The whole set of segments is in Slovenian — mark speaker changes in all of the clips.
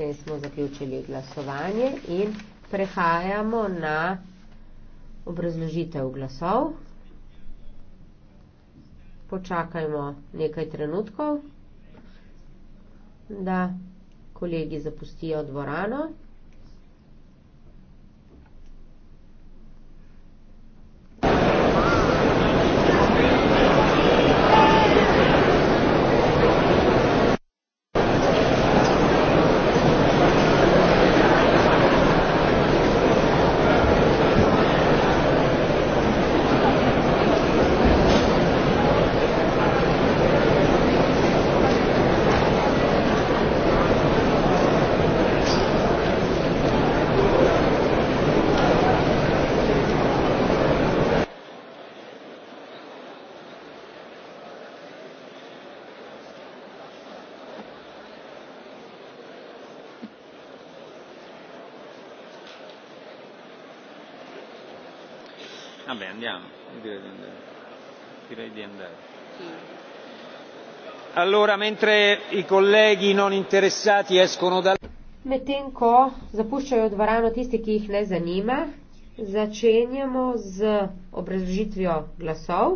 Speaker 1: tem smo zaključili glasovanje in prehajamo na obrazložitev glasov. Počakajmo nekaj trenutkov, da kolegi zapustijo dvorano.
Speaker 2: me andiamo direi di andare, direi di andare. Sì. allora mentre i colleghi non interessati escono dal
Speaker 1: medtem ko zapuščajo dvorano tisti, ki jih ne zanima, začenjamo z obrazložitvijo glasov.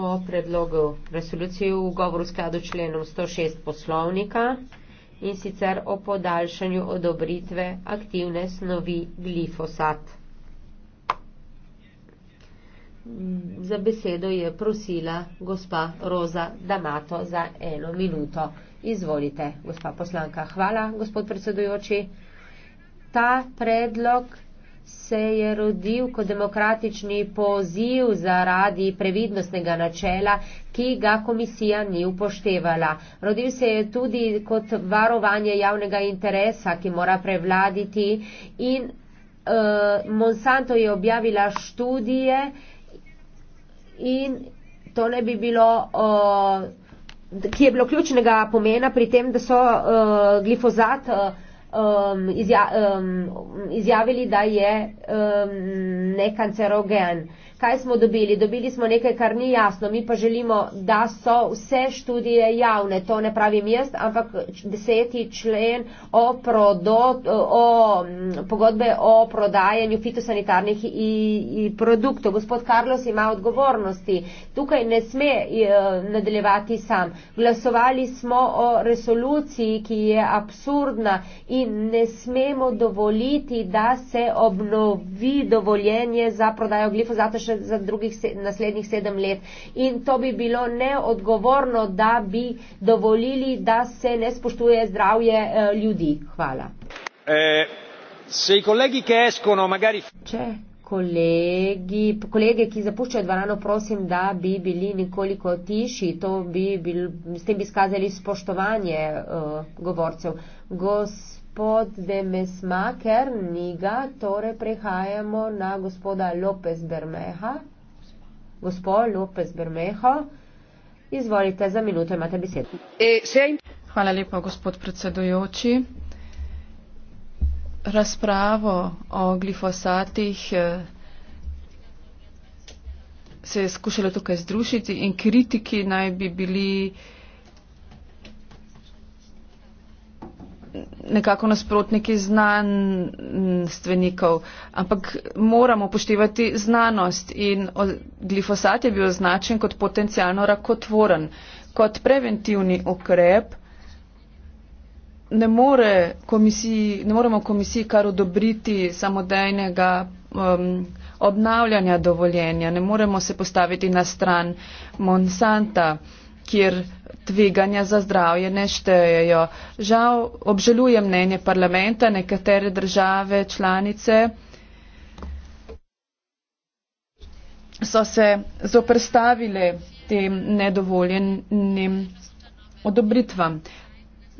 Speaker 1: O predlogu resolucije v govoru skladu členom 106 poslovnika in sicer o podaljšanju odobritve aktivne snovi glifosat. Za besedo je prosila gospa Roza Damato za eno minuto. Izvolite, gospa poslanka. Hvala, gospod predsedujoči. Ta predlog se je rodil kot demokratični poziv zaradi previdnostnega načela, ki ga komisija ni upoštevala. Rodil se je tudi kot varovanje javnega interesa, ki mora prevladiti in uh, Monsanto je objavila študije in to ne bi bilo. Uh, ki je bilo ključnega pomena pri tem, da so uh, eh, glifozat uh, um, izja, um, izjavili, da je um, nekanceroген. Uh, kaj smo dobili? Dobili smo nekaj, kar ni jasno. Mi pa želimo, da so vse študije javne. To ne pravim jaz, ampak deseti člen o, prodo, o mm, pogodbe o prodajanju fitosanitarnih i, i produktov. Gospod Carlos ima odgovornosti. Tukaj ne sme e, nadaljevati sam. Glasovali smo o resoluciji, ki je absurdna in ne smemo dovoliti, da se obnovi dovoljenje za prodajo glifozata še še za drugih se, naslednjih sedem let. In to bi bilo neodgovorno, da bi dovolili, da se ne spoštuje zdravje eh, ljudi. Hvala.
Speaker 3: E, kolegi, eskono, magari...
Speaker 1: Če kolegi, kolege, ki zapuščajo dvorano, prosim, da bi bili nekoliko tiši, bi bil, s tem bi skazali spoštovanje eh, govorcev. Gospod pod Demesma, ker njega, torej prehajamo na gospoda Lopez Bermeha. Gospod Lopez Bermeho,
Speaker 2: izvolite za minuto, imate besedo. E, Hvala lepa, gospod predsedujoči. Razpravo o glifosatih e, se je skušalo tukaj združiti in kritiki naj bi bili nekako nasprotniki znanstvenikov, ampak moramo poštevati znanost in glifosat je bil označen kot potencijalno rakotvoren. Kot preventivni okrep ne, more komisiji, ne moremo komisiji kar odobriti samodejnega um, obnavljanja dovoljenja, ne moremo se postaviti na stran Monsanta, kjer tveganja za zdravje ne štejejo. Žal obžaluje mnenje parlamenta nekatere države članice. so se zoprstavile tem nedovoljenim odobritvam.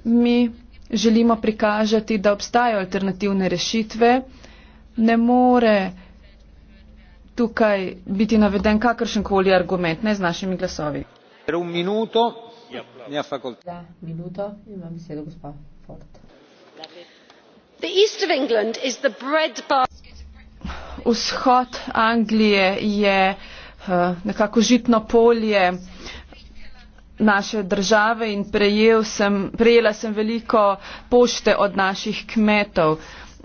Speaker 2: Mi želimo prikažati, da obstajajo alternativne rešitve. Ne more tukaj biti naveden kakršenkoli argument, ne z našimi glasovi.
Speaker 4: Minuto, Ja,
Speaker 2: vzhod anglije je eh, nekako žitno polje naše države in prejel sem, prejela sem veliko pošte od naših kmetov.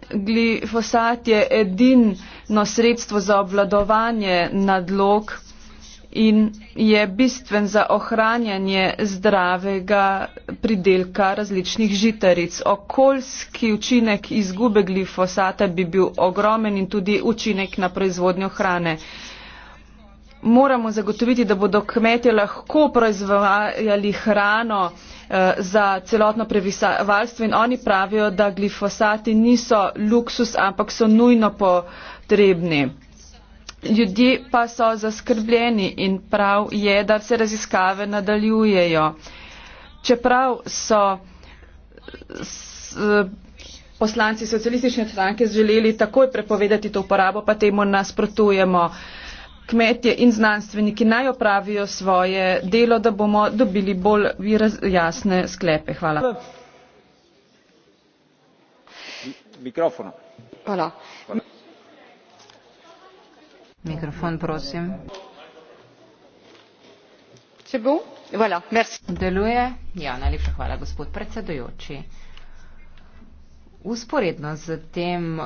Speaker 2: Glifosat je edino sredstvo za obvladovanje nadlog in je bistven za ohranjanje zdravega pridelka različnih žitaric. Okoljski učinek izgube glifosata bi bil ogromen in tudi učinek na proizvodnjo hrane. Moramo zagotoviti, da bodo kmetje lahko proizvajali hrano eh, za celotno prebivalstvo in oni pravijo, da glifosati niso luksus, ampak so nujno potrebni ljudje pa so zaskrbljeni in prav je, da se raziskave nadaljujejo. Čeprav so s, poslanci socialistične stranke želeli takoj prepovedati to uporabo, pa temu nasprotujemo. Kmetje in znanstveniki naj opravijo svoje delo, da bomo dobili bolj jasne sklepe. Hvala. Mikrofono. Hvala. Hvala
Speaker 3: mikrofon prosim deluje ja najlepša hvala gospod predsedujoči Usporedno z tem uh,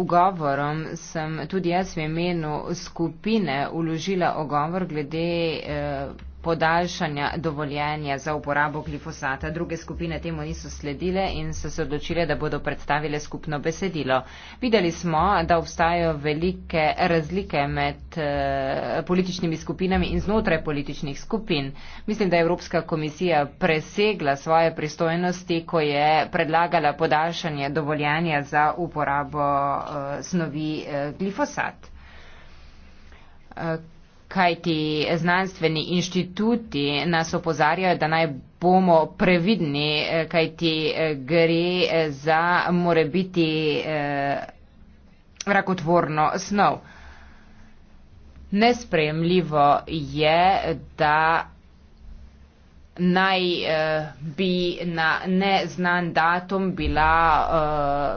Speaker 3: ugovorom sem tudi jaz v imenu skupine uložila ogovor glede uh, podaljšanja dovoljenja za uporabo glifosata. Druge skupine temu niso sledile in so se odločile, da bodo predstavile skupno besedilo. Videli smo, da obstajajo velike razlike med eh, političnimi skupinami in znotraj političnih skupin. Mislim, da je Evropska komisija presegla svoje pristojnosti, ko je predlagala podaljšanje dovoljenja za uporabo eh, snovi eh, glifosat kajti znanstveni inštituti nas opozarjajo, da naj bomo previdni, eh, kajti eh, gre eh, za morebiti rakotvorno snov. Nesprejemljivo je, da naj bi na neznan datum bila,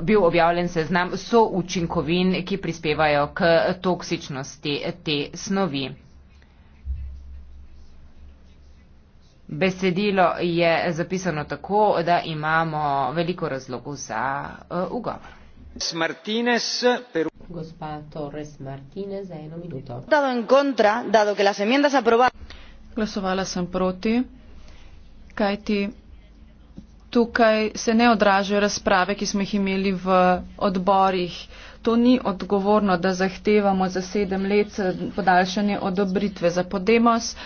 Speaker 3: bil objavljen seznam součinkovin, ki prispevajo k toksičnosti te snovi. Besedilo je zapisano tako, da imamo veliko razlogov
Speaker 2: za uh, ugovor. Glasovala sem proti, kajti tukaj se ne odražajo razprave, ki smo jih imeli v odborih. To ni odgovorno, da zahtevamo za sedem let eh, podaljšanje odobritve za podemos. Uh,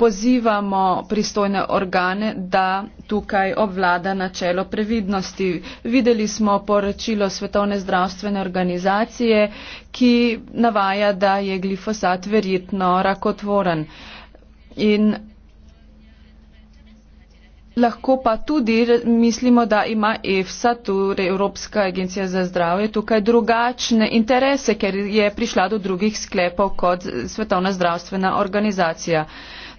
Speaker 2: pozivamo pristojne organe, da tukaj obvlada načelo previdnosti. Videli smo poročilo Svetovne zdravstvene organizacije, ki navaja, da je glifosat verjetno rakotvoren. In lahko pa tudi mislimo, da ima EFSA, torej Evropska agencija za zdravje, tukaj drugačne interese, ker je prišla do drugih sklepov kot Svetovna zdravstvena organizacija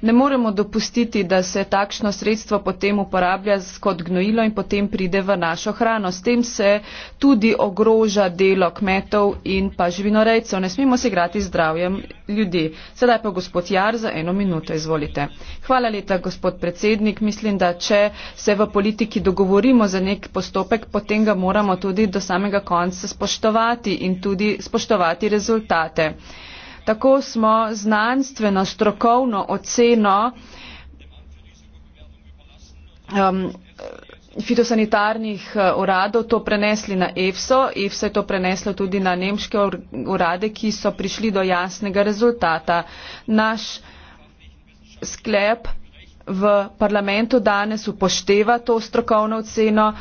Speaker 2: ne moremo dopustiti, da se takšno sredstvo potem uporablja kot gnojilo in potem pride v našo hrano. S tem se tudi ogroža delo kmetov in pa živinorejcev. Ne smemo se igrati z zdravjem ljudi. Sedaj pa gospod Jar za eno minuto, izvolite. Hvala leta, gospod predsednik. Mislim, da če se v politiki dogovorimo za nek postopek, potem ga moramo tudi do samega konca spoštovati in tudi spoštovati rezultate. Tako smo znanstveno, strokovno oceno um, fitosanitarnih eh, uradov to prenesli na EFSO. EFSO je to preneslo tudi na nemške urade, ki so prišli do jasnega rezultata. Naš sklep v parlamentu danes upošteva to strokovno oceno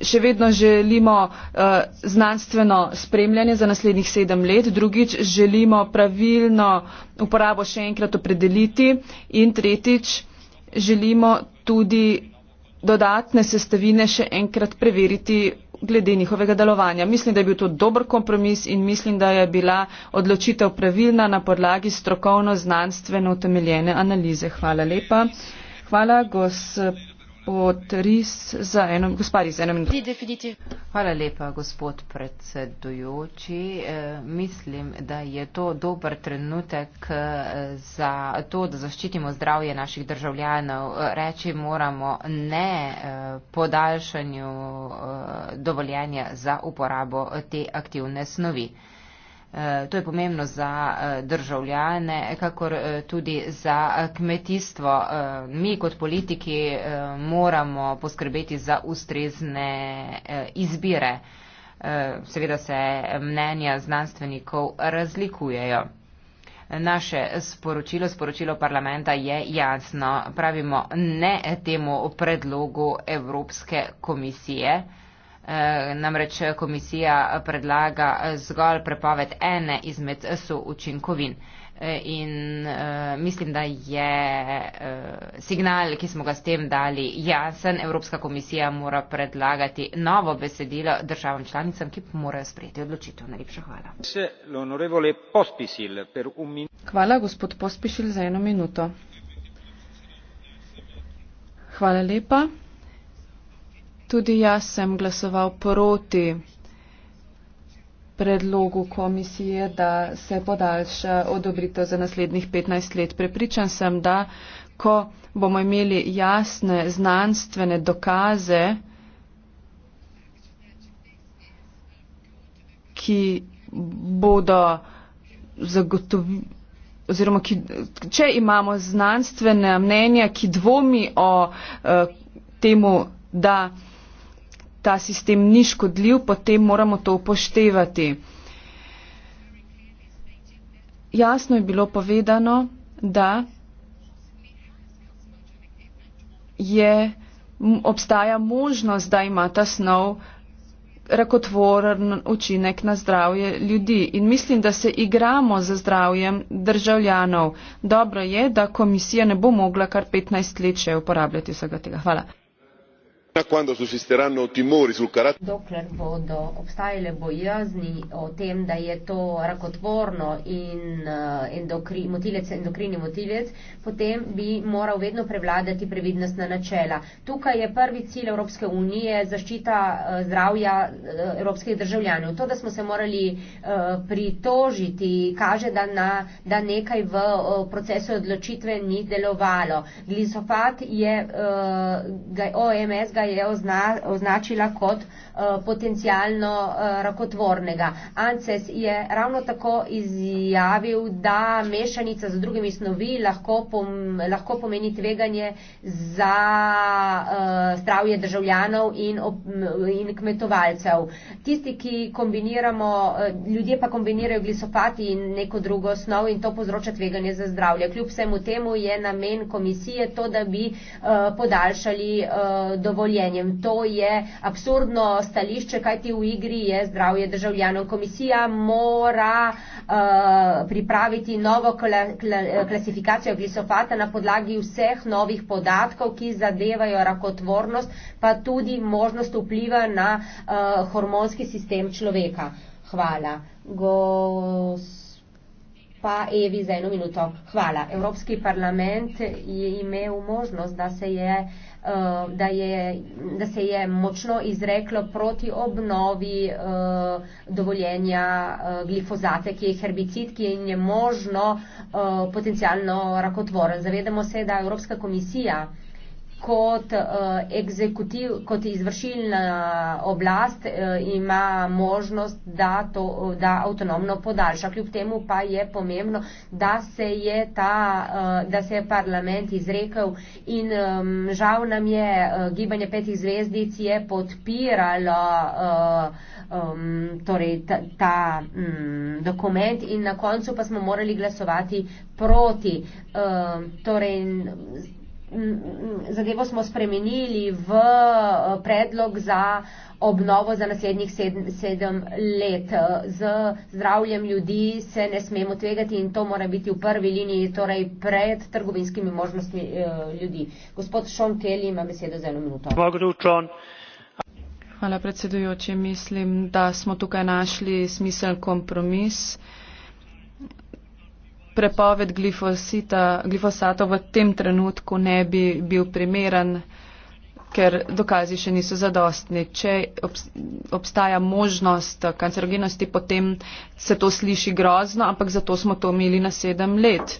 Speaker 2: še vedno želimo uh, znanstveno spremljanje za naslednjih sedem let, drugič želimo pravilno uporabo še enkrat opredeliti in tretjič želimo tudi dodatne sestavine še enkrat preveriti glede njihovega delovanja. Mislim, da je bil to dober kompromis in mislim, da je bila odločitev pravilna na podlagi strokovno-znanstveno utemeljene analize. Hvala lepa. Hvala gospod gospod Ris za eno, gospari za eno minuto.
Speaker 3: Hvala lepa, gospod predsedujoči. E, mislim, da je to dober trenutek e, za to, da zaščitimo zdravje naših državljanov. E, reči moramo ne podaljšanju dovoljenja za uporabo te aktivne snovi. Eh, to je pomembno za eh, državljane, kakor eh, tudi za kmetijstvo. Mi kot politiki moramo poskrbeti za ustrezne izbire. Seveda se mnenja znanstvenikov razlikujejo. Naše sporočilo, sporočilo parlamenta je jasno. Pravimo ne temu predlogu Evropske komisije. Eh, namreč komisija predlaga zgolj prepoved ene izmed součinkovin. Eh, in uh, mislim, da je uh, signal, ki smo ga s tem dali, jasen. Evropska komisija mora predlagati novo besedilo državam članicam, ki morajo sprejeti odločitev. Najlepša
Speaker 4: hvala.
Speaker 2: Hvala, gospod Pospišil, za eno minuto. Hvala lepa. Tudi jaz sem glasoval proti predlogu komisije, da se podaljša odobritev za naslednjih 15 let. Prepričan sem, da ko bomo imeli jasne znanstvene dokaze, ki bodo zagotovili, oziroma ki, če imamo znanstvene mnenja, ki dvomi o uh, temu, da ta sistem ni škodljiv, potem moramo to upoštevati. Jasno je bilo povedano, da je, obstaja možnost, da ima ta snov rakotvoren učinek na zdravje ljudi. In mislim, da se igramo za zdravjem državljanov. Dobro je, da komisija ne bo mogla kar 15 let še uporabljati vsega tega. Hvala quando sussisteranno timori sul carattere eh,
Speaker 1: Tukaj je prvi cilj Evropske unije zaščita eh, zdravja eh, evropskih državljanov. To, da smo se morali pritožiti, kaže, da, na, da nekaj v procesu odločitve ni delovalo. Glisofat je, OMS ga je označila kot Eh, potencialno eh, rakotvornega. ANCES je ravno tako izjavil, da mešanica z drugimi snovi lahko, pom, lahko pomeni tveganje za eh, zdravje državljanov in, in kmetovalcev. Tisti, ki kombiniramo, ljudje pa kombinirajo glisofati in neko drugo snov in to povzroča tveganje za zdravje. Kljub vsemu temu je namen komisije to, da bi podaljšali dovoljenjem. To je absurdno stališče, kajti v igri je zdravje državljanov. Komisija mora uh, pripraviti novo kla, kla, klasifikacijo glisofata na podlagi vseh novih podatkov, ki zadevajo rakotvornost, pa tudi možnost vpliva na uh, hormonski sistem človeka. Hvala. Gos pa Evi za eno minuto. Hvala. Evropski parlament je imel možnost, da se je uh, Eh, da, je, da se je močno izreklo proti obnovi eh, dovoljenja eh, glifozate, ki je herbicid, ki je možno potencialno rakotvoren. Zavedamo se, da Evropska komisija kot, uh, kot izvršilna eh, oblast uh, ima možnost, da to da avtonomno podaljša. Kljub temu pa je pomembno, da se je, ta, uh, da se je parlament izrekel in um, žal nam je uh, gibanje petih zvezdic je podpiralo uh, um, torej ta, ta um, dokument in na koncu pa smo morali glasovati proti. Uh, torej, zadevo smo spremenili v eh, predlog za obnovo za naslednjih sedem, sedem let. Z zdravljem ljudi se ne smemo tvegati in to mora biti v prvi liniji, torej pred trgovinskimi možnostmi eh, ljudi. Gospod Sean Kelly ima besedo za eno
Speaker 2: minuto. Hvala predsedujoče. Mislim, da smo tukaj našli smisel kompromis prepoved glifosata v tem trenutku ne bi bil primeren, ker dokazi še niso zadostni. Če obstaja možnost kancerogenosti, potem se to sliši grozno, ampak zato smo to imeli na sedem let.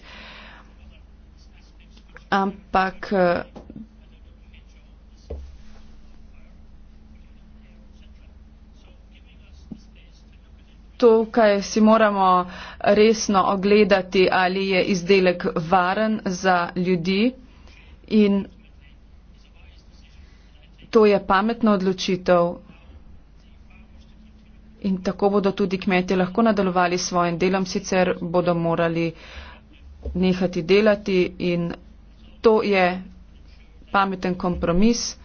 Speaker 2: Ampak tukaj si moramo resno ogledati, ali je izdelek varen za ljudi in to je pametna odločitev in tako bodo tudi kmetje lahko nadaljevali svojim delom, sicer bodo morali nehati delati in to je pameten kompromis.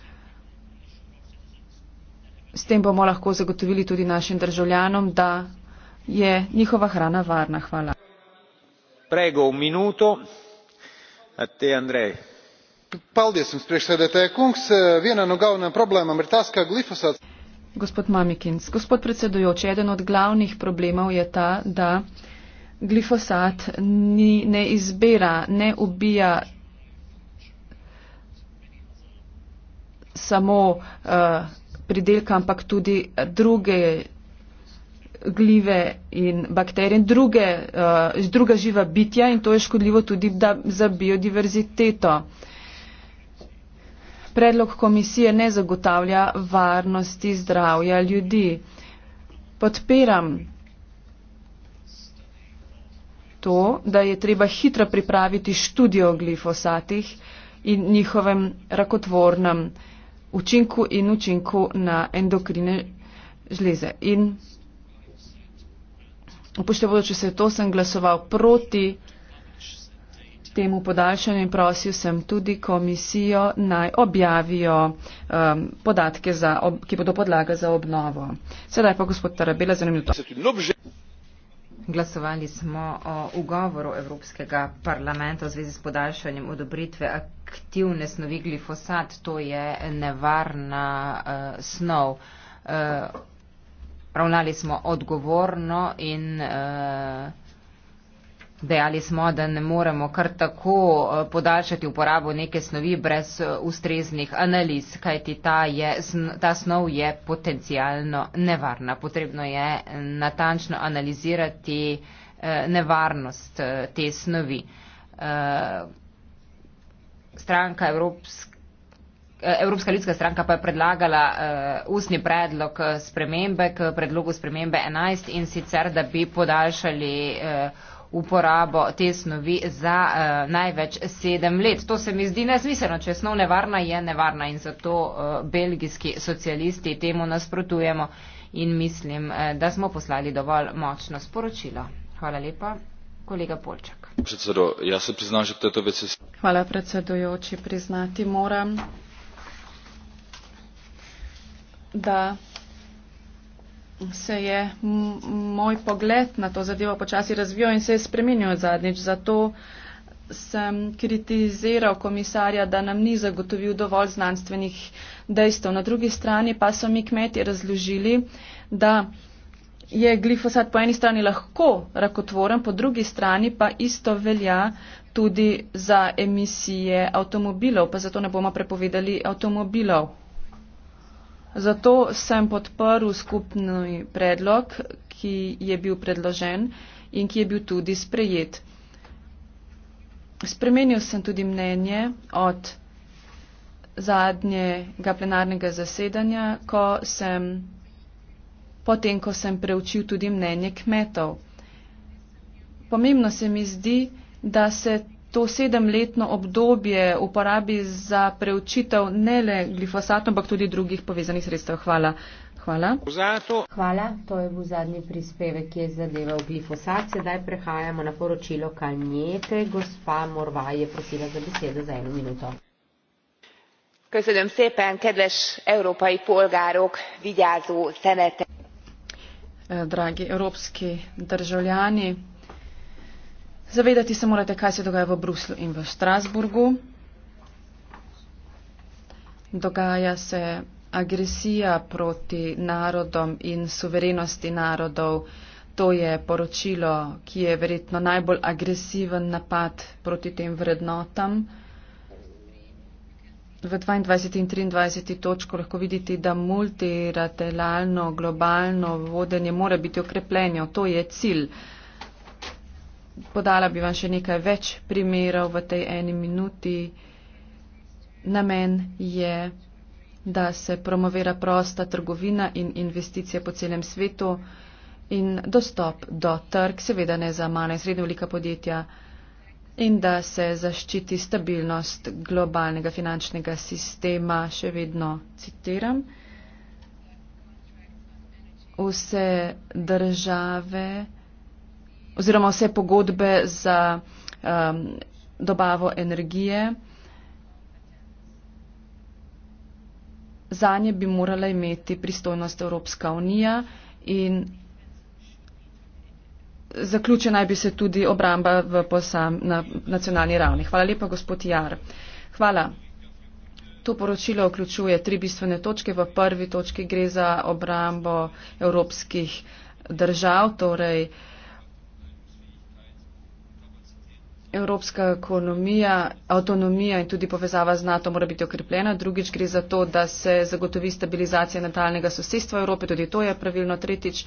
Speaker 2: S tem bomo lahko zagotovili tudi našim državljanom, da je njihova hrana varna. Hvala.
Speaker 4: Prego, un minuto. A te, Andrej.
Speaker 3: Paldies jums, priekšsēdētāja kungs. Viena no galvenajām problēmām ir tas, ka glifosāts.
Speaker 2: Gospod Mamikins, gospod predsedujoči, eden od glavnih problemov je ta, da glifosat ni, ne izbira, ne ubija samo uh, pridelka, ampak tudi druge glive in bakterije in druge, uh, druga živa bitja in to je škodljivo tudi da, za biodiverziteto. Predlog komisije ne zagotavlja varnosti zdravja ljudi. Podpiram to, da je treba hitro pripraviti študijo o glifosatih in njihovem rakotvornem učinku in učinku na endokrine žleze. In upoštevajoče se to, sem glasoval proti temu podaljšanju in prosil sem tudi komisijo naj objavijo um, podatke, za, ob, ki bodo podlaga za obnovo. Sedaj pa gospod Tarabela za minuto. Glasovali smo
Speaker 3: o ugovoru Evropskega parlamenta v zvezi s podaljšanjem odobritve aktivne snovi glifosat. To je nevarna uh, snov. Uh, ravnali smo odgovorno in uh, dejali smo, da ne moremo kar tako eh, podaljšati uporabo neke snovi brez eh, ustreznih analiz, kajti ta, je, ta snov je potencijalno nevarna. Potrebno je natančno analizirati uh, nevarnost uh, te snovi. Uh, stranka Evropske Eh, Evropska ljudska stranka pa je predlagala uh, ustni predlog eh, spremembe k predlogu spremembe 11 in sicer, da bi podaljšali uh, uporabo te snovi za uh, največ sedem let. To se mi zdi nesmiselno, če je snov nevarna, je nevarna in zato uh, belgijski socialisti temu nasprotujemo in mislim, uh, da smo poslali dovolj močno sporočilo. Hvala lepa,
Speaker 2: kolega Polčak.
Speaker 4: Predsedo, jaz se priznam, že v tejto veci.
Speaker 2: Hvala predsedujoči, priznati moram da se je moj pogled na to zadevo počasi razvijal in se je spremenil zadnjič. Zato sem kritiziral komisarja, da nam ni zagotovil dovolj znanstvenih dejstev. Na drugi strani pa so mi kmeti razložili, da je glifosat po eni strani lahko rakotvoren, po drugi strani pa isto velja tudi za emisije avtomobilov, pa zato ne bomo prepovedali avtomobilov. Zato sem podprl skupni predlog, ki je bil predložen in ki je bil tudi sprejet. Spremenil sem tudi mnenje od zadnjega plenarnega zasedanja, ko sem, potem ko sem preučil tudi mnenje kmetov. Pomembno se mi zdi, da se to sedemletno obdobje uporabi za preučitev ne le glifosata, ampak tudi drugih povezanih sredstev. Hvala. Hvala. Hvala. To
Speaker 1: je bil zadnji prispevek, ki je zadeval glifosat. Sedaj prehajamo na poročilo Kanjete. Gospa Morva je prosila za besedo za eno minuto.
Speaker 3: Köszönöm szépen, kedves európai polgárok, vigyázó
Speaker 2: szemete! Eh, dragi európski državljani, Zavedati se morate, kaj se dogaja v Bruslu in v Strasburgu. Dogaja se agresija proti narodom in suverenosti narodov. To je poročilo, ki je verjetno najbolj agresiven napad proti tem vrednotam. V 22. in 23. točko lahko vidite, da multilateralno globalno vodenje mora biti okrepljeno. To je cilj podala bi vam še nekaj več primerov v tej eni minuti. Namen je, da se promovira prosta trgovina in investicije po celem svetu in dostop do trg, seveda ne za male in srednje velika podjetja, in da se zaščiti stabilnost globalnega finančnega sistema, še vedno citiram. Vse države oziroma vse pogodbe za um, dobavo energije. Za nje bi morala imeti pristojnost Evropska unija in zaključena naj bi se tudi obramba v posam, na nacionalni ravni. Hvala lepa, gospod Jar. Hvala. To poročilo vključuje tri bistvene točke. V prvi točki gre za obrambo evropskih držav, torej uh, evropska ekonomija, avtonomija in tudi povezava z NATO mora biti okrepljena. Drugič gre za to, da se zagotovi stabilizacija natalnega sosedstva Evrope, tudi to je pravilno. Tretjič,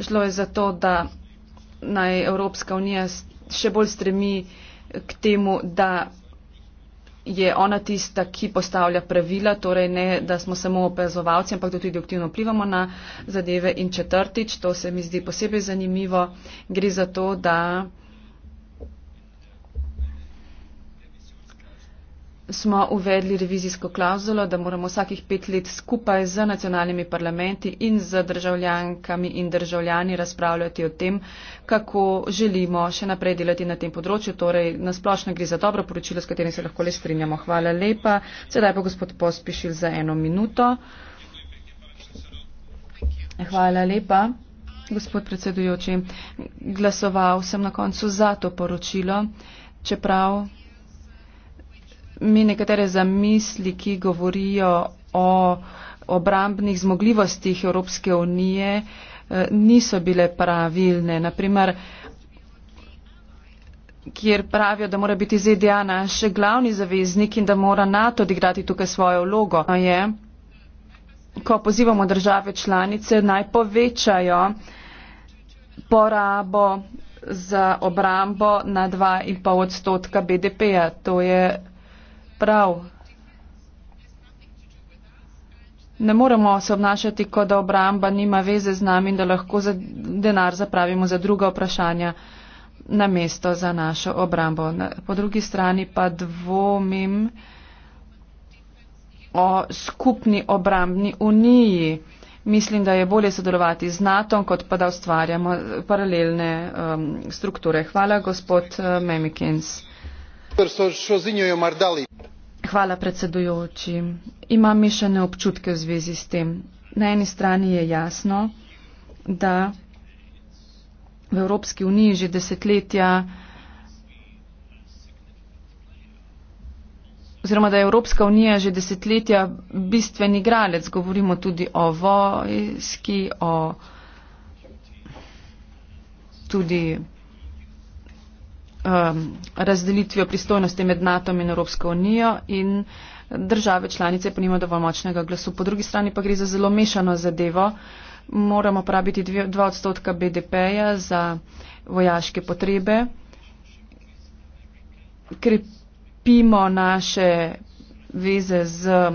Speaker 2: šlo je za to, da naj Evropska unija še bolj stremi k temu, da je ona tista, ki postavlja pravila, torej ne, da smo samo opazovalci, ampak da tudi aktivno vplivamo na zadeve. In četrtič, to se mi zdi posebej zanimivo, gre za to, da smo uvedli revizijsko klauzulo, da moramo vsakih pet let skupaj z nacionalnimi parlamenti in z državljankami in državljani razpravljati o tem, kako želimo še naprej delati na tem področju. Torej, nasplošno gre za dobro poročilo, s katerim se lahko le strinjamo. Hvala lepa. Sedaj pa gospod Pospišil za eno minuto. Hvala lepa, gospod predsedujoči. Glasoval sem na koncu za to poročilo, čeprav mi nekatere zamisli, ki govorijo o obrambnih zmogljivostih Evropske unije, eh, niso bile pravilne. Naprimer, kjer pravijo, da mora biti ZDA naš glavni zaveznik in da mora NATO odigrati tukaj svojo vlogo. Je, ko pozivamo države članice, naj povečajo porabo za obrambo na 2,5 odstotka BDP-ja. To je prav. Ne moremo se obnašati, kot da obramba nima veze z nami in da lahko za denar zapravimo za druga vprašanja na mesto za našo obrambo. Na, po drugi strani pa dvomim o skupni obrambni uniji. Mislim, da je bolje sodelovati z NATO, kot pa da ustvarjamo paralelne um, strukture. Hvala, gospod uh, Memikins. Hvala predsedujoči. Imam mišljene občutke v zvezi s tem. Na eni strani je jasno, da v Evropski uniji že desetletja oziroma da je Evropska unija že desetletja bistveni igralec. Govorimo tudi o vojski, o tudi um, razdelitvijo pristojnosti med NATO in Evropsko unijo in države članice pa nima dovolj močnega glasu. Po drugi strani pa gre za zelo mešano zadevo. Moramo porabiti 2 odstotka BDP-ja za vojaške potrebe. Krepimo naše veze z uh,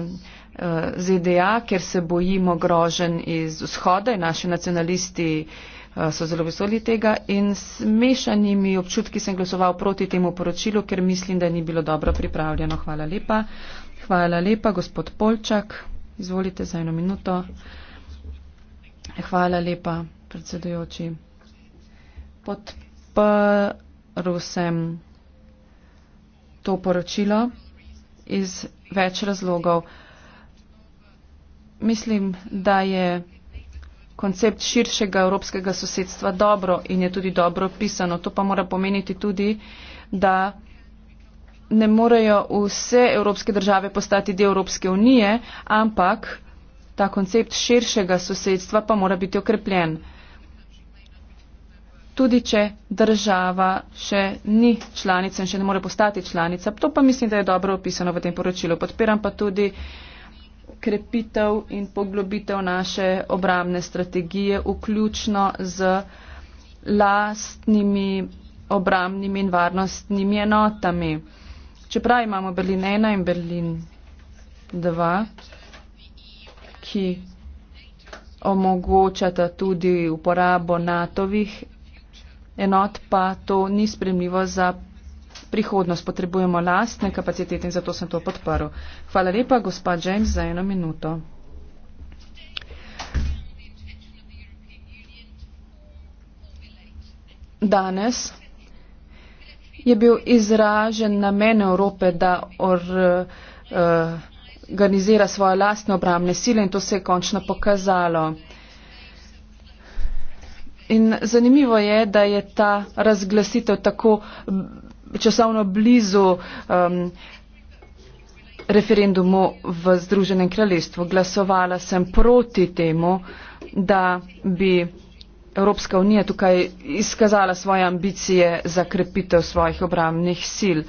Speaker 2: ZDA, ker se bojimo grožen iz vzhoda in naši nacionalisti uh, Eh, so zelo veseli tega in s mešanimi občutki sem glasoval proti temu poročilu, ker mislim, da ni bilo dobro pripravljeno. Hvala lepa. Hvala lepa, gospod Polčak. Izvolite za eno minuto. Hvala lepa, predsedujoči. Podprl sem to poročilo iz več razlogov. Mislim, da je koncept širšega evropskega sosedstva dobro in je tudi dobro pisano. To pa mora pomeniti tudi, da ne morejo vse evropske države postati del Evropske unije, ampak ta koncept širšega sosedstva pa mora biti okrepljen. Tudi če država še ni članica in še ne more postati članica. To pa mislim, da je dobro opisano v tem poročilu. Podpiram pa tudi krepitev in poglobitev naše obramne strategije, vključno z lastnimi obramnimi in varnostnimi enotami. Čeprav imamo Berlin 1 in Berlin 2, ki omogočata tudi uporabo NATO-vih enot, pa to ni spremljivo za prihodnost. Potrebujemo lastne kapacitete in zato sem to podprl. Hvala lepa, gospa James, za eno minuto. Danes je bil izražen namen Evrope, da or, uh, eh, organizira svoje lastne obramne sile in to se je končno pokazalo. In zanimivo je, da je ta razglasitev tako časovno blizu um, referendumu v Združenem kraljestvu. Glasovala sem proti temu, da bi Evropska unija tukaj izkazala svoje ambicije za krepitev svojih obramnih sil.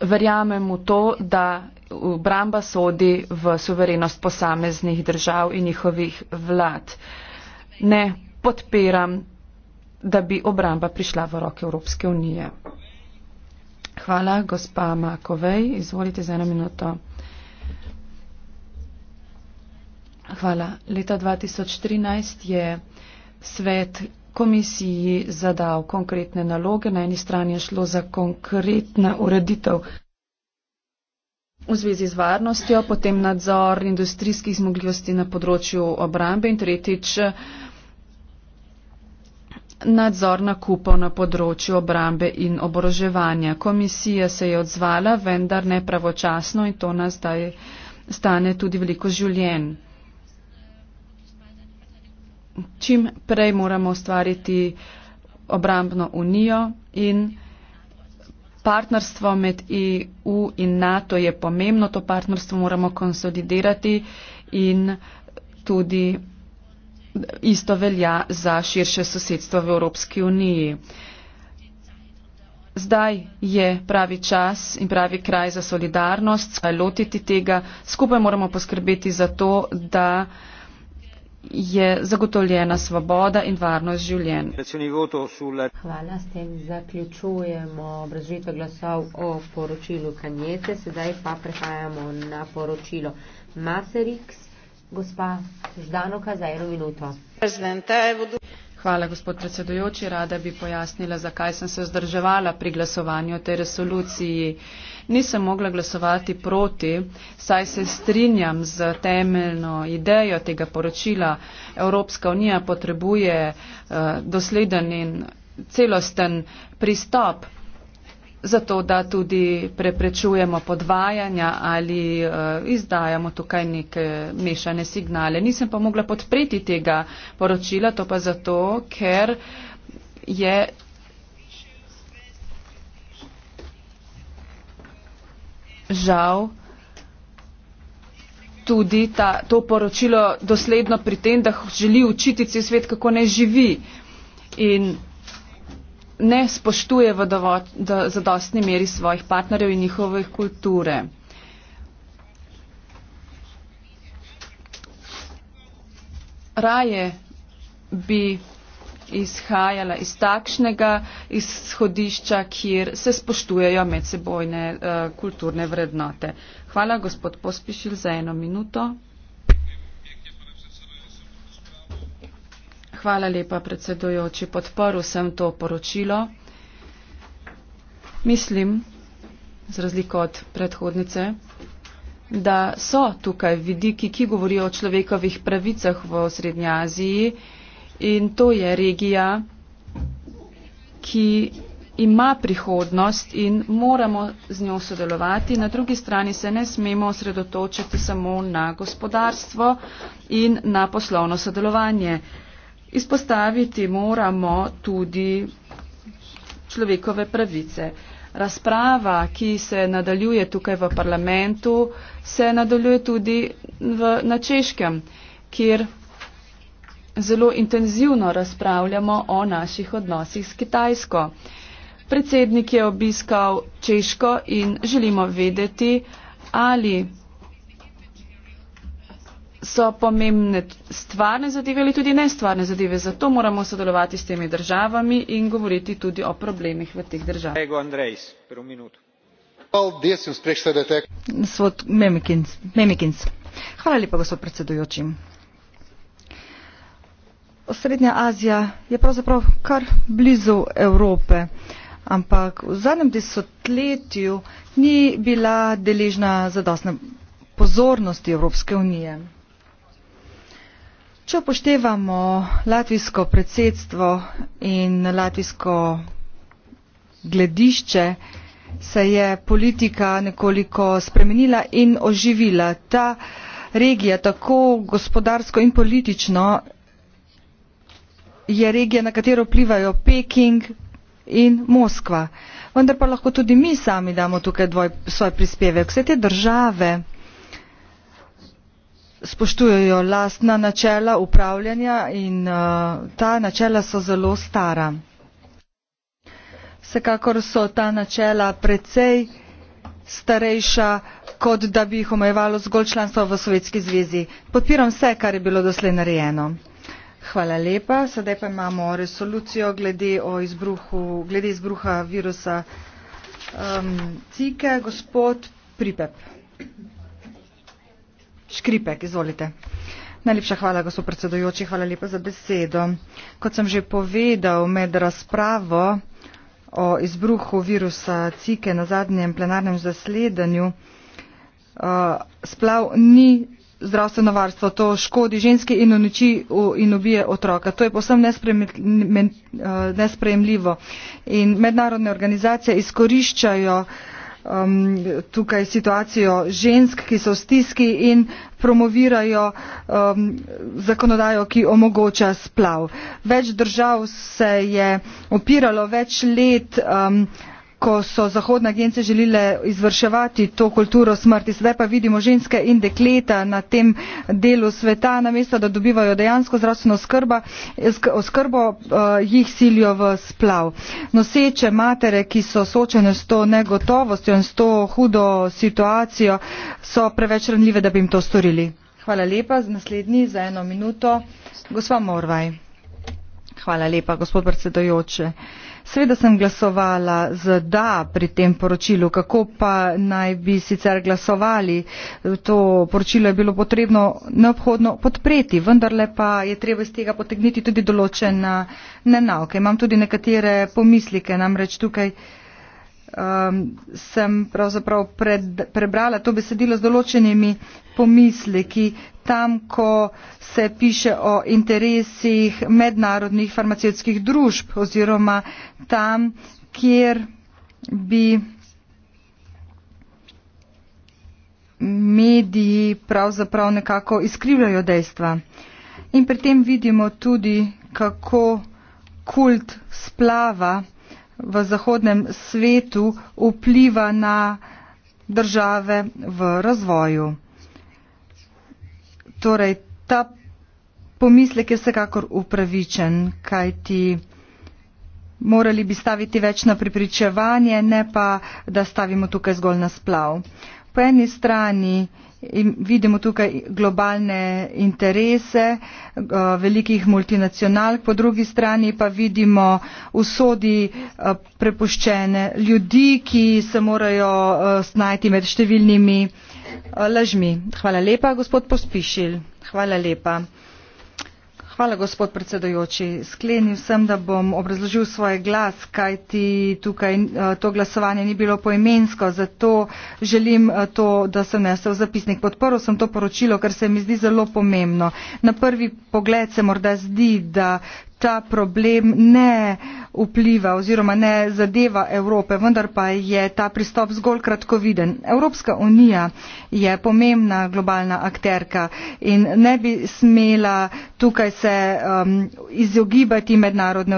Speaker 2: Verjamem v to, da obramba sodi v suverenost posameznih držav in njihovih vlad. Ne podpiram da bi obramba prišla v roke Evropske unije. Hvala, gospa Makovej. Izvolite za eno minuto. Hvala. Leta 2013 je svet komisiji zadal konkretne naloge. Na eni strani je šlo za konkretna ureditev v zvezi z varnostjo, potem nadzor industrijskih zmogljivosti na področju obrambe in tretjič nadzor nakupov na področju obrambe in oboroževanja. Komisija se je odzvala, vendar ne pravočasno in to nas zdaj stane tudi veliko življenj. Čim prej moramo ustvariti obrambno unijo in partnerstvo med EU in NATO je pomembno, to partnerstvo moramo konsolidirati in tudi Isto velja za širše sosedstvo v Evropski uniji. Zdaj je pravi čas in pravi kraj za solidarnost, skupaj lotiti tega, skupaj moramo poskrbeti za to, da je zagotovljena svoboda in varnost življenj.
Speaker 4: Hvala,
Speaker 1: s tem zaključujemo obrazložitve glasov o poročilu Kanjete, sedaj pa prehajamo na poročilo Maserix.
Speaker 2: Hvala, gospod predsedujoči. Rada bi pojasnila, zakaj sem se vzdrževala pri glasovanju o tej resoluciji. Nisem mogla glasovati proti, saj se strinjam z temeljno idejo tega poročila. Evropska unija potrebuje uh, dosleden in celosten pristop zato da tudi preprečujemo podvajanja ali uh, izdajamo tukaj neke mešane signale. Nisem pa mogla podpreti tega poročila, to pa zato, ker je. Žal tudi ta, to poročilo dosledno pri tem, da želi učiti cel svet, kako ne živi. In ne spoštuje v zadostni meri svojih partnerjev in njihove kulture. Raje bi izhajala iz takšnega izhodišča, kjer se spoštujejo medsebojne uh, kulturne vrednote. Hvala, gospod Pospišil, za eno minuto. Hvala lepa, predsedujoči. Podporil sem to poročilo. Mislim, z razliko od predhodnice, da so tukaj vidiki, ki govorijo o človekovih pravicah v Srednji Aziji in to je regija, ki ima prihodnost in moramo z njo sodelovati. Na drugi strani se ne smemo osredotočiti samo na gospodarstvo in na poslovno sodelovanje. Izpostaviti moramo tudi človekove pravice. Razprava, ki se nadaljuje tukaj v parlamentu, se nadaljuje tudi v, na Češkem, kjer zelo intenzivno razpravljamo o naših odnosih s Kitajsko. Predsednik je obiskal Češko in želimo vedeti, ali so pomembne stvarne zadeve ali tudi nestvarne zadeve. Zato moramo sodelovati s temi državami in govoriti tudi
Speaker 4: o problemih v teh državah. Hvala lepa, gospod predsedujoči. Srednja Azija je pravzaprav kar blizu Evrope, ampak v zadnjem desetletju ni bila deležna zadostne pozornosti Evropske unije. Če upoštevamo latvijsko predsedstvo in latvijsko gledišče, se je politika nekoliko spremenila in oživila. Ta regija, tako gospodarsko in politično, je regija, na katero vplivajo Peking in Moskva. Vendar pa lahko tudi mi sami damo tukaj dvoj, svoj prispevek. Vse te države spoštujejo lastna načela upravljanja in eh, ta načela so zelo stara. Vsekakor so ta načela precej starejša, kot da bi jih omejevalo zgolj članstvo v Sovjetski zvezi. Podpiram vse, kar je bilo doslej narejeno. Hvala lepa. Sedaj pa imamo resolucijo glede, izbruhu, glede izbruha virusa um, Cike. Gospod Pripep škripek izvolite najlepša hvala gospod predsedujoči hvala lepa za besedo kot sem že povedal med razpravo o izbruhu virusa cike na zadnjem plenarnem zasedanju eh, splav ni zdravstveno varstvo to škodi ženski in uniči in ubije otroka to je povsem eh, nesprejemljivo in mednarodne organizacije izkoriščajo um, tukaj situacijo žensk, ki so v stiski in promovirajo um, zakonodajo, ki omogoča splav. Več držav se je opiralo več let. Um, ko so zahodne agencije želele izvrševati to kulturo smrti sedaj pa vidimo ženske in dekleta na tem delu sveta namesto da dobivajo dejansko zdravstveno oskrbo eh, jih silijo v splav noseče matere ki so soočene s to negotovostjo in s to hudo situacijo so preveč ranljive da bi jim to storili hvala lepa naslednji za eno minuto gospa morvaj hvala lepa gospod predsedujoči Sveda sem glasovala za da pri tem poročilu, kako pa naj bi sicer glasovali. To poročilo je bilo potrebno neobhodno podpreti, vendarle pa je treba iz tega potegniti tudi določena nenavke. Imam tudi nekatere pomislike, namreč tukaj um, sem pravzaprav pred, prebrala to besedilo z določenimi pomisleki. Tam, ko se piše o interesih mednarodnih farmacevskih družb oziroma tam, kjer bi mediji pravzaprav nekako izkrivljajo dejstva. In pri tem vidimo tudi, kako kult splava v zahodnem svetu vpliva na države v razvoju. Torej, ta pomislek je vsekakor upravičen, kajti morali bi staviti več na pripričevanje, ne pa, da stavimo tukaj zgolj na splav. Po eni strani In vidimo tukaj globalne interese eh, velikih multinacionalk, po drugi strani pa vidimo usodi eh, prepuščene ljudi, ki se morajo snajti eh, med številnimi lažmi. Hvala lepa, gospod Pospišil. Hvala lepa. Hvala, gospod predsedujoči. Sklenil sem, da bom obrazložil svoj glas, kajti tukaj eh, to glasovanje ni bilo poimensko, zato želim eh, to, da sem nesel zapisnik. Podporil sem to poročilo, ker se mi zdi zelo pomembno. Na prvi pogled se morda zdi, da ta problem ne vpliva oziroma ne zadeva Evrope, vendar pa je ta pristop zgolj kratkoviden. Evropska unija je pomembna globalna akterka in ne bi smela tukaj se um, izogibati mednarodne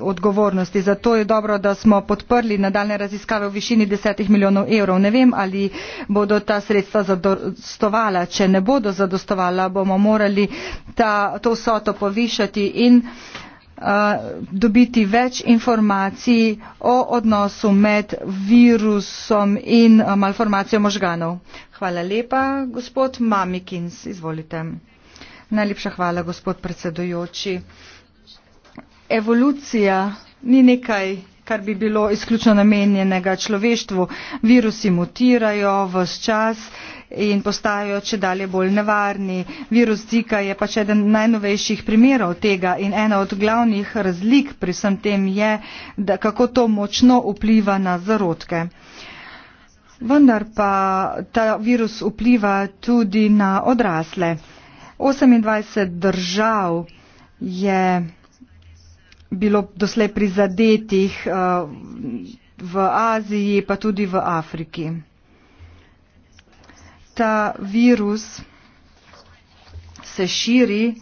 Speaker 4: odgovornosti. Zato je dobro, da smo podprli nadaljne raziskave v višini desetih milijonov evrov. Ne vem, ali bodo ta sredstva zadostovala. Če ne bodo zadostovala, bomo morali ta, to vsoto povišati in dobiti več informacij o odnosu med virusom in malformacijo možganov. Hvala lepa, gospod Mamikins, izvolite. Najlepša hvala, gospod predsedujoči. Evolucija ni nekaj, kar bi bilo izključno namenjenega človeštvu. Virusi mutirajo v čas. Uh, in postajajo če dalje bolj nevarni. Virus Zika je pač eden najnovejših primerov tega in ena od glavnih razlik pri vsem tem je, da kako to močno vpliva na zarodke. Vendar pa ta virus vpliva tudi na odrasle. 28 držav je bilo doslej prizadetih eh, v Aziji, pa tudi v Afriki ta virus se širi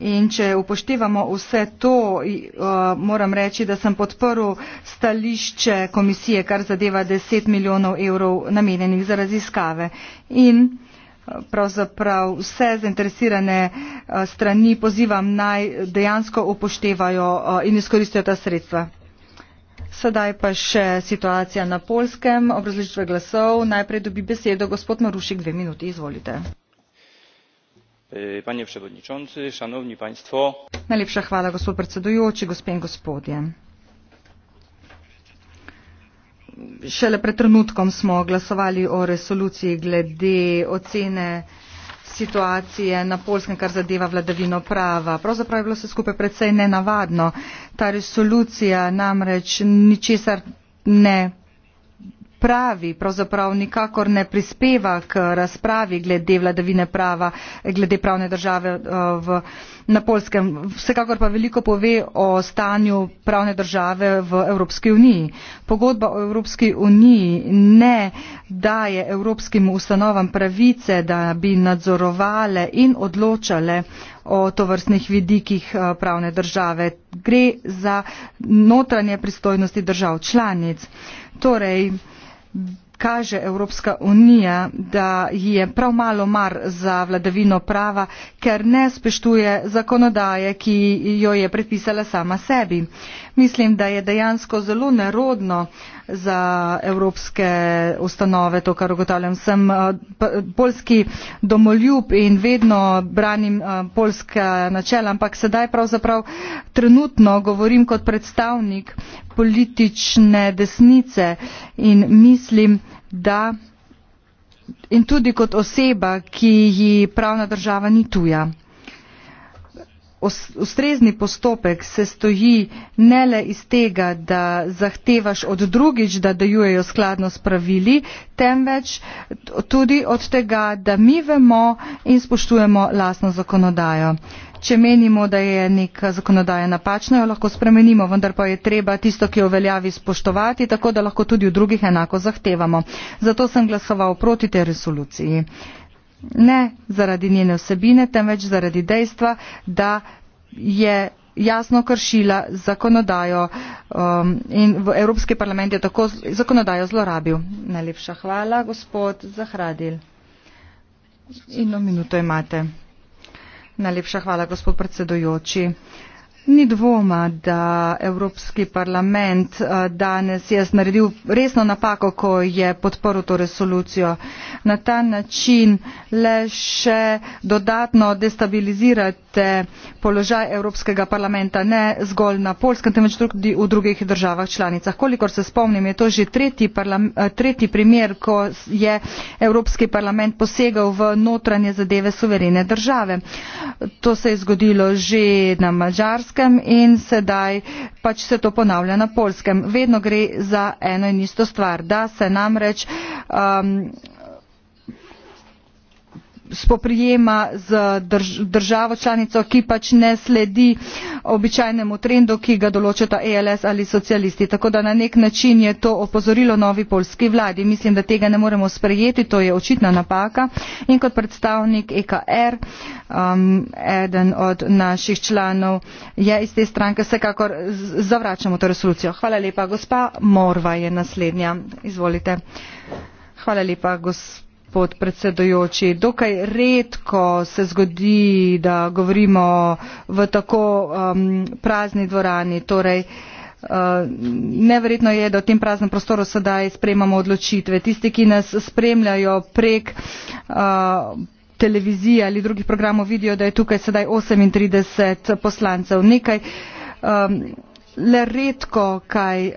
Speaker 4: in če upoštevamo vse to, uh, moram reči, da sem podprl stališče komisije, kar zadeva 10 milijonov evrov namenjenih za raziskave. In uh, pravzaprav vse zainteresirane uh, strani pozivam naj dejansko upoštevajo in izkoristijo ta sredstva. Sedaj pa še situacija na polskem, obrazložitve glasov. Najprej dobi besedo gospod Marušik, dve minuti, izvolite. E, panie przewodniczący, szanowni państwo. Najlepša hvala, gospod predsedujoči, gospe in gospodje. Šele pred trenutkom smo glasovali o resoluciji glede ocene situacije na Polskem, kar zadeva vladavino prava. Pravzaprav je bilo vse skupaj predvsej nenavadno. Ta resolucija namreč ničesar ne pravi, pravzaprav nikakor ne prispeva k razpravi glede vladavine prava, glede pravne države eh, v Polsku na poljskem vsekakor pa veliko pove o stanju pravne države v evropski uniji. pogodba o evropski uniji ne daje evropskim ustanovam pravice da bi nadzorovale in odločale o tovrstnih vidikih eh, pravne države gre za notranje pristojnosti držav članic. torej kaže Evropska unija, da ji je prav malo mar za vladavino prava, ker ne spoštuje zakonodaje, ki jo je predpisala sama sebi. Mislim, da je dejansko zelo nerodno za evropske ustanove, to kar ugotavljam. Sem eh, polski domoljub in vedno branim eh, polska načela, ampak sedaj pravzaprav trenutno govorim kot predstavnik politične desnice in mislim, da in tudi kot oseba, ki ji pravna država ni tuja ustrezni postopek se stoji ne le iz tega, da zahtevaš od drugič, da dejujejo skladno s pravili, temveč tudi od tega, da mi vemo in spoštujemo lastno zakonodajo. Če menimo, da je neka zakonodaja napačna, jo lahko spremenimo, vendar pa je treba tisto, ki jo veljavi, spoštovati, tako da lahko tudi v drugih enako zahtevamo. Zato sem glasoval proti tej resoluciji ne zaradi njene vsebine, temveč zaradi dejstva, da je jasno kršila zakonodajo um, in v Evropski parlament je tako zakonodajo zlorabil. Najlepša hvala, gospod Zahradil. Eno minuto imate. Najlepša hvala, gospod predsedujoči. Uh, Ni dvoma, da Evropski parlament eh, danes je naredil resno napako, ko je podporil to resolucijo. Na ta način le še dodatno destabilizirate položaj Evropskega parlamenta, ne zgolj na Polskem, temveč tudi v drugih državah članicah. Kolikor se spomnim, je to že tretji, eh, tretji primer, ko je Evropski parlament posegal v notranje zadeve suverene države. To se je zgodilo že na Mačarskem madžarskem in sedaj pač se to ponavlja na poljskem. vedno gre za eno in isto stvar da se namreč um, spoprijema z državo članico ki pač ne sledi običajnemu trendu ki ga določata als e ali socialisti tako da na nek način je to opozorilo novi poljski vladi mislim da tega ne moremo sprejeti to je očitna napaka in kot predstavnik ekr um, eden od naših članov je iz te stranke vsekakor zavračamo to resolucijo hvala lepa gospa morva je naslednja izvolite hvala lepa gospa gospod predsedujoči. Dokaj redko se zgodi, da govorimo v tako um, prazni dvorani. Torej, Uh, neverjetno je, da v tem praznem prostoru sedaj sprejemamo odločitve. Tisti, ki nas spremljajo prek uh, televizije ali drugih programov, vidijo, da je tukaj sedaj 38 poslancev. Nekaj, um, le redko kaj eh,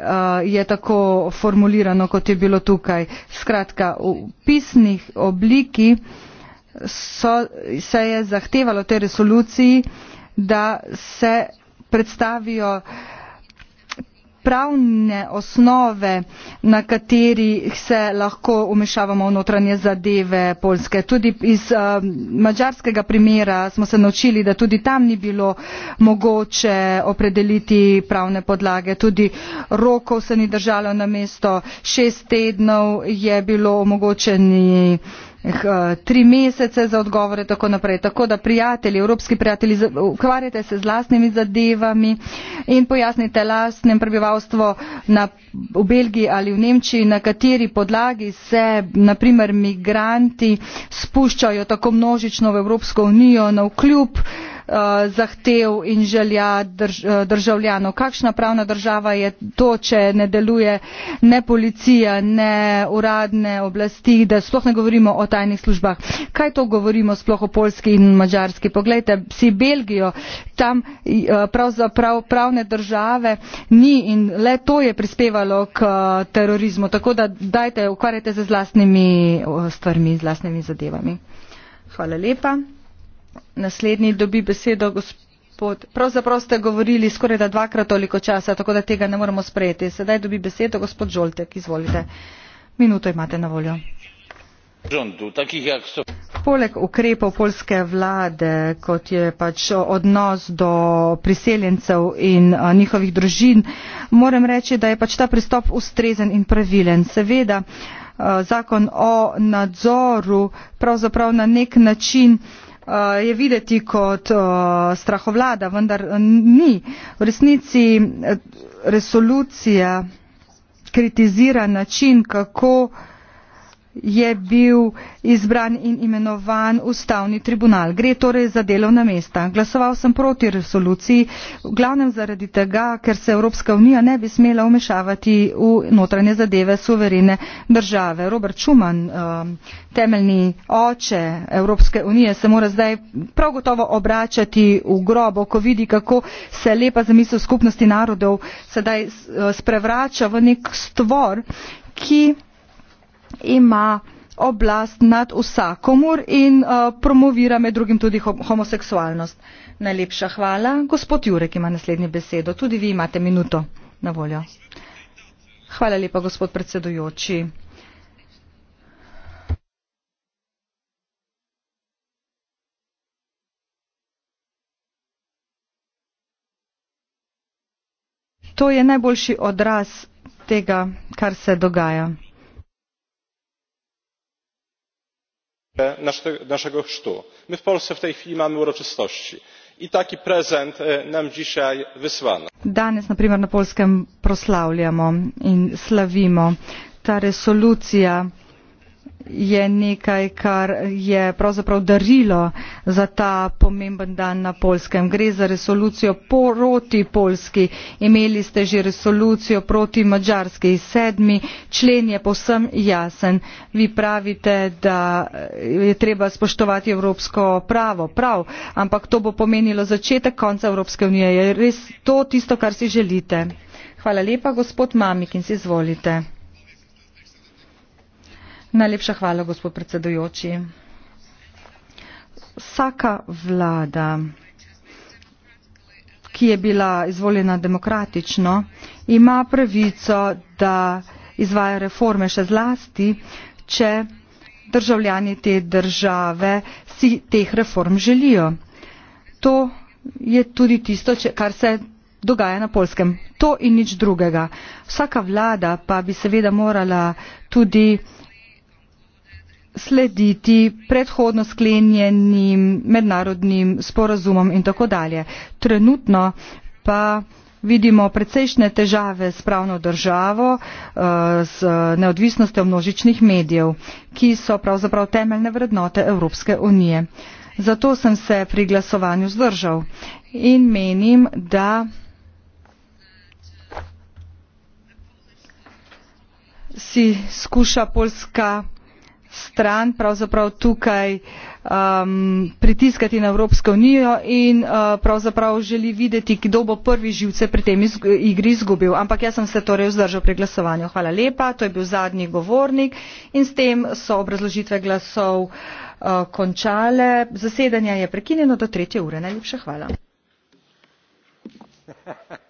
Speaker 4: je tako formulirano kot je bilo tukaj skratka v pisni obliki se je zahtevalo v tej resoluciji da se predstavijo pravne osnove, na katerih se lahko umešavamo v notranje zadeve Poljske. Tudi iz uh, eh, mačarskega primera smo se naučili, da tudi tam ni bilo mogoče opredeliti pravne podlage. Tudi rokov se ni držalo na mesto, šest tednov je bilo omogočeni uh, Eh, tri mesece za odgovore in tako naprej. Tako da prijatelji, evropski prijatelji, ukvarjate se z lastnimi zadevami in pojasnite lastnem prebivalstvu na, v Belgiji ali v Nemčiji, na kateri podlagi se naprimer migranti spuščajo tako množično v Evropsko unijo na vkljub. Eh, zahtev in želja eh, državljanov. Kakšna pravna država je to, če ne deluje ne policija, ne uradne oblasti, da sploh ne govorimo o tajnih službah. Kaj to govorimo sploh o Poljski in Mačarski? Poglejte si Belgijo, tam eh, pravzaprav pravne države ni in le to je prispevalo k terorizmu. Tako da dajte, ukvarjajte se z lastnimi stvarmi, z lastnimi zadevami. Hvala lepa. Naslednji dobi besedo gospod. Pravzaprav ste govorili skoraj da dvakrat toliko časa, tako da tega ne moremo sprejeti. Sedaj dobi besedo gospod Žoltek. Izvolite. Minuto imate na voljo. Poleg ukrepov polske vlade, kot je pač odnos do priseljencev in eh, njihovih družin, moram reči, da je pač ta pristop ustrezen in pravilen. Seveda, eh, zakon o nadzoru pravzaprav na nek način Eh, je videti kot eh, strahovlada, vendar eh, ni. V resnici resolucija kritizira način, kako je bil izbran in imenovan ustavni tribunal. Gre torej za delovna mesta. Glasoval sem proti resoluciji, glavnem zaradi tega, ker se Evropska unija ne bi smela umešavati v notranje zadeve suverene države. Robert Schuman, um, temeljni oče Evropske unije, se mora zdaj prav gotovo obračati v grobo, ko vidi, kako se lepa zamisel skupnosti narodov sedaj uh, sprevrača v nek stvor, ki ima oblast nad vsakomur in uh, promovira med drugim tudi homoseksualnost. Najlepša hvala. Gospod Jurek ima naslednjo besedo. Tudi vi imate minuto na voljo. Hvala lepa, gospod predsedujoči. To je najboljši odraz tega, kar se dogaja. naszego chrztu. my w polsce w tej chwili mamy uroczystości i taki prezent e, nam dzisiaj wysłano. danes na primer na poljskem proslavljamo in slavimo ta resolucija je nekaj, kar je pravzaprav darilo za ta pomemben dan na Polskem. Gre za resolucijo proti Polski. Imeli ste že resolucijo proti Mačarski. Sedmi člen je povsem jasen. Vi pravite, da je treba spoštovati evropsko pravo. Prav, ampak to bo pomenilo začetek konca Evropske unije. Je res to tisto, kar si želite? Hvala lepa, gospod Mamik, in si izvolite. Najlepša hvala, gospod predsedujoči. Vsaka vlada, ki je bila izvoljena demokratično, ima pravico, da izvaja reforme še zlasti, če državljani te države si teh reform želijo. To je tudi tisto, kar se dogaja na polskem. To in nič drugega. Vsaka vlada pa bi seveda morala tudi slediti predhodno sklenjenim mednarodnim sporazumom in tako dalje. Trenutno pa vidimo precejšnje težave s pravno državo, eh, z neodvisnostjo množičnih medijev, ki so pravzaprav temeljne vrednote Evropske unije. Zato sem se pri glasovanju zdržal in menim, da si skuša Poljska stran pravzaprav tukaj um, pritiskati na evropsko unijo in uh, pravzaprav želi videti kdo bo prvi živce pri tem izg igri izgubil ampak jaz sem se torej vzdržal pri glasovanju hvala lepa to je bil zadnji govornik in s tem so obrazložitve glasov uh, končale zasedanje je prekinjeno do tretje ure najlepša hvala